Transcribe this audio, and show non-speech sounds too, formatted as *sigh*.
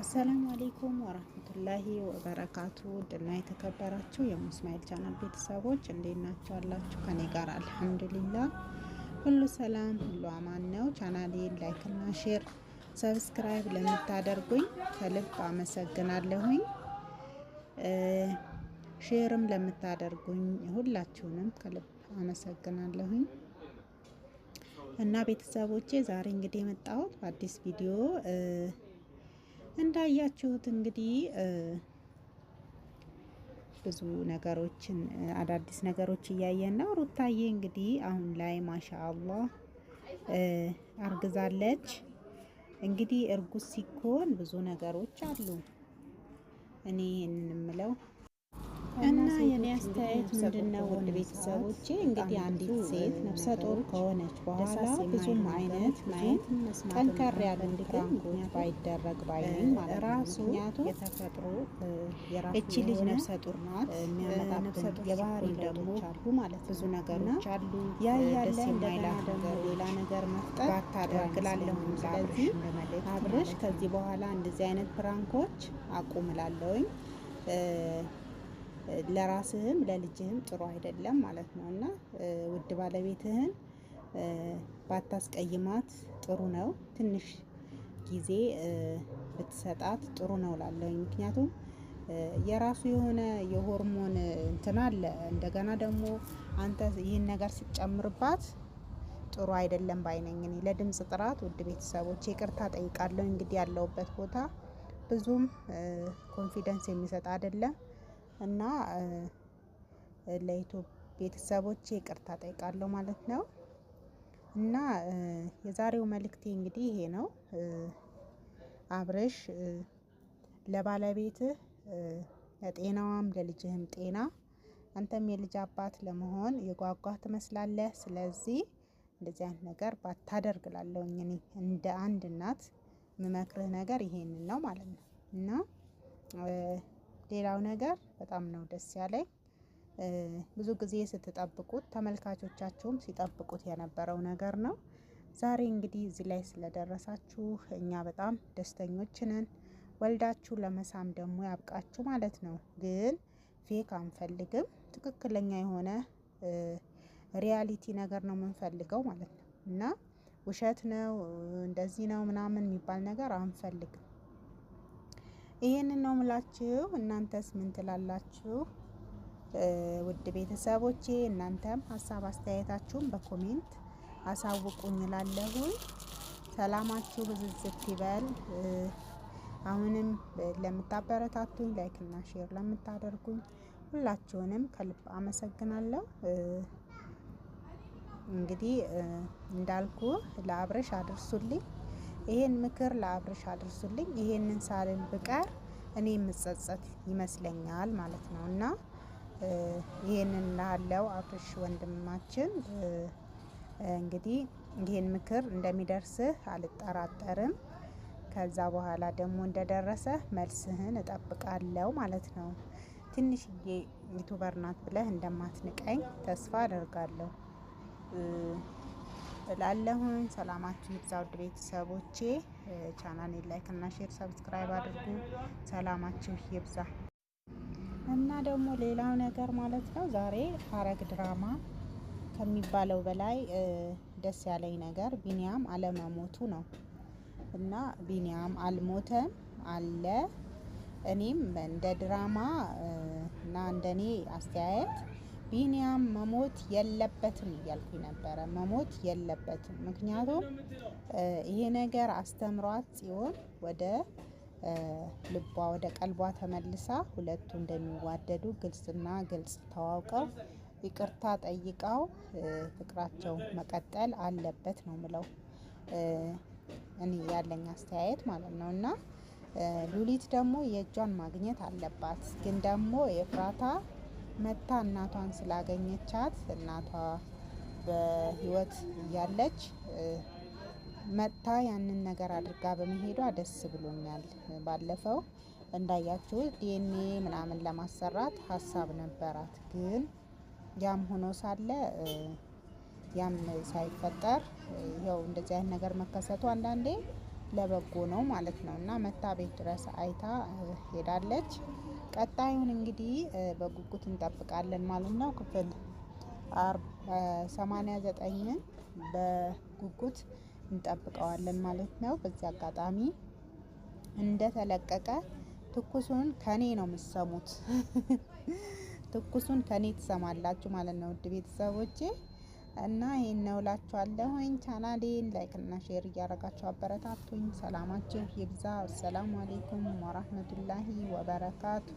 አሰላሙ አሌይኩም ወራህመቱላሂ ወበረካቱ ድና የተከበራችሁ የሙስማኤል ቻናል ቤተሰቦች እንዴት ናችሁ? አላችሁ ከኔ ጋር አልሐምዱሊላ ሁሉ ሰላም ሁሉ አማን ነው። ቻናሌን ላይክና ሼር ሰብስክራይብ ለምታደርጉኝ ከልብ አመሰግናለሁኝ። ሼርም ለምታደርጉኝ ሁላችሁንም ከልብ አመሰግናለሁኝ። እና ቤተሰቦቼ ዛሬ እንግዲህ የመጣሁት በአዲስ ቪዲዮ እንዳያችሁት እንግዲህ ብዙ ነገሮችን አዳዲስ ነገሮች እያየን ነው። ሩታዬ እንግዲህ አሁን ላይ ማሻ አላህ አርግዛለች። እንግዲህ እርጉዝ ሲኮን ብዙ ነገሮች አሉ። እኔ ይህንን የምለው እና የኔ አስተያየት ምንድነው? ወደ ቤተሰቦቼ እንግዲህ አንዲት ሴት ነፍሰ ጡር ከሆነች በኋላ ብዙም አይነት ማየት ጠንከር ያለ እንዲቀንኩኝ ባይደረግ ባይነኝ ማለት ራሱ የተፈጥሮ እቺ ልጅ ነፍሰ ጡር ናት። የሚያመጣብን የባህሪ ደግሞ አሉ ማለት ብዙ ነገሮች አሉ። ያ ያለ እንደገና ደግሞ ሌላ ነገር መፍጠር ባታደርግላለሁ። ስለዚህ አብረሽ ከዚህ በኋላ እንደዚህ አይነት ፕራንኮች አቁም ለራስህም ለልጅህም ጥሩ አይደለም ማለት ነው እና ውድ ባለቤትህን ባታስቀይማት ጥሩ ነው። ትንሽ ጊዜ ብትሰጣት ጥሩ ነው ላለኝ ምክንያቱም የራሱ የሆነ የሆርሞን እንትን አለ። እንደገና ደግሞ አንተ ይህን ነገር ስትጨምርባት ጥሩ አይደለም ባይነኝ። እኔ ለድምፅ ጥራት ውድ ቤተሰቦች ይቅርታ ጠይቃለሁ። እንግዲህ ያለሁበት ቦታ ብዙም ኮንፊደንስ የሚሰጥ አይደለም። እና ለኢትዮ ቤተሰቦች ይቅርታ ጠይቃለሁ ማለት ነው። እና የዛሬው መልእክቴ እንግዲህ ይሄ ነው። አብርሽ ለባለቤትህ ለጤናዋም ለልጅህም ጤና አንተም የልጅ አባት ለመሆን የጓጓህ ትመስላለህ። ስለዚህ እንደዚህ አይነት ነገር ባታደርግላለሁ እኔ እንደ አንድ እናት ምመክርህ ነገር ይሄንን ነው ማለት ነው እና ሌላው ነገር በጣም ነው ደስ ያለኝ። ብዙ ጊዜ ስትጠብቁት ተመልካቾቻችሁም ሲጠብቁት የነበረው ነገር ነው። ዛሬ እንግዲህ እዚህ ላይ ስለደረሳችሁ እኛ በጣም ደስተኞች ነን። ወልዳችሁ ለመሳም ደግሞ ያብቃችሁ ማለት ነው። ግን ፌክ አንፈልግም። ትክክለኛ የሆነ ሪያሊቲ ነገር ነው የምንፈልገው ማለት ነው እና ውሸት ነው እንደዚህ ነው ምናምን የሚባል ነገር አንፈልግም። ይህንን ነው ምላችሁ። እናንተስ ምን ትላላችሁ? ውድ ቤተሰቦቼ እናንተም ሀሳብ አስተያየታችሁን በኮሜንት አሳውቁኝ እላለሁኝ። ሰላማችሁ ብዝዝት ይበል። አሁንም ለምታበረታቱኝ ላይክና ሼር ለምታደርጉኝ ሁላችሁንም ከልብ አመሰግናለሁ። እንግዲህ እንዳልኩ ለአብረሽ አድርሱልኝ። ይሄን ምክር ለአብርሽ አድርሱልኝ። ይሄንን ሳልን ብቀር እኔ የምጸጸት ይመስለኛል ማለት ነው እና ይሄንን ላለው አብርሽ ወንድማችን እንግዲህ ይሄን ምክር እንደሚደርስህ አልጠራጠርም። ከዛ በኋላ ደግሞ እንደደረሰ መልስህን እጠብቃለሁ ማለት ነው። ትንሽዬ ዩቱበር ናት ብለህ እንደማትንቀኝ ተስፋ አደርጋለሁ። እላለሁኝ። ሰላማችሁ ይብዛ ውድ ቤተሰቦቼ። ቻናሌ ላይክ እና ሼር ሰብስክራይብ አድርጉ። ሰላማችሁ ይብዛ እና ደግሞ ሌላው ነገር ማለት ነው ዛሬ ሐረግ ድራማ ከሚባለው በላይ ደስ ያለኝ ነገር ቢኒያም አለመሞቱ ነው እና ቢኒያም አልሞተም አለ። እኔም እንደ ድራማ እና እንደኔ አስተያየት ቢኒያም መሞት የለበትም እያልኩኝ ነበረ። መሞት የለበትም ምክንያቱም ይሄ ነገር አስተምሯት ሲሆን ወደ ልቧ ወደ ቀልቧ ተመልሳ ሁለቱ እንደሚዋደዱ ግልጽና ግልጽ ተዋውቀው ይቅርታ ጠይቀው ፍቅራቸው መቀጠል አለበት ነው ምለው እኔ ያለኝ አስተያየት ማለት ነው። እና ሉሊት ደግሞ የእጇን ማግኘት አለባት ግን ደግሞ የፍራታ መታ እናቷን ስላገኘቻት እናቷ በህይወት እያለች መታ ያንን ነገር አድርጋ በመሄዷ ደስ ብሎኛል። ባለፈው እንዳያችሁ ዲኤንኤ ምናምን ለማሰራት ሀሳብ ነበራት። ግን ያም ሆኖ ሳለ ያም ሳይፈጠር ይኸው እንደዚህ አይነት ነገር መከሰቱ አንዳንዴ ለበጎ ነው ማለት ነው እና መታ ቤት ድረስ አይታ ሄዳለች። ቀጣዩን እንግዲህ በጉጉት እንጠብቃለን ማለት ነው። ክፍል 89 ዘጠኝን በጉጉት እንጠብቀዋለን ማለት ነው። በዚህ አጋጣሚ እንደተለቀቀ ትኩሱን ከኔ ነው የምትሰሙት። *laughs* ትኩሱን ከኔ ትሰማላችሁ ማለት ነው ውድ ቤተሰቦቼ። እና ይህን ነው ላችኋለሁኝ። ቻናሌን ላይክ እና ሼር እያደረጋችሁ አበረታቱኝ። ሰላማችሁ ይብዛ። አሰላሙ አሌይኩም ወራህመቱላሂ ወበረካቱ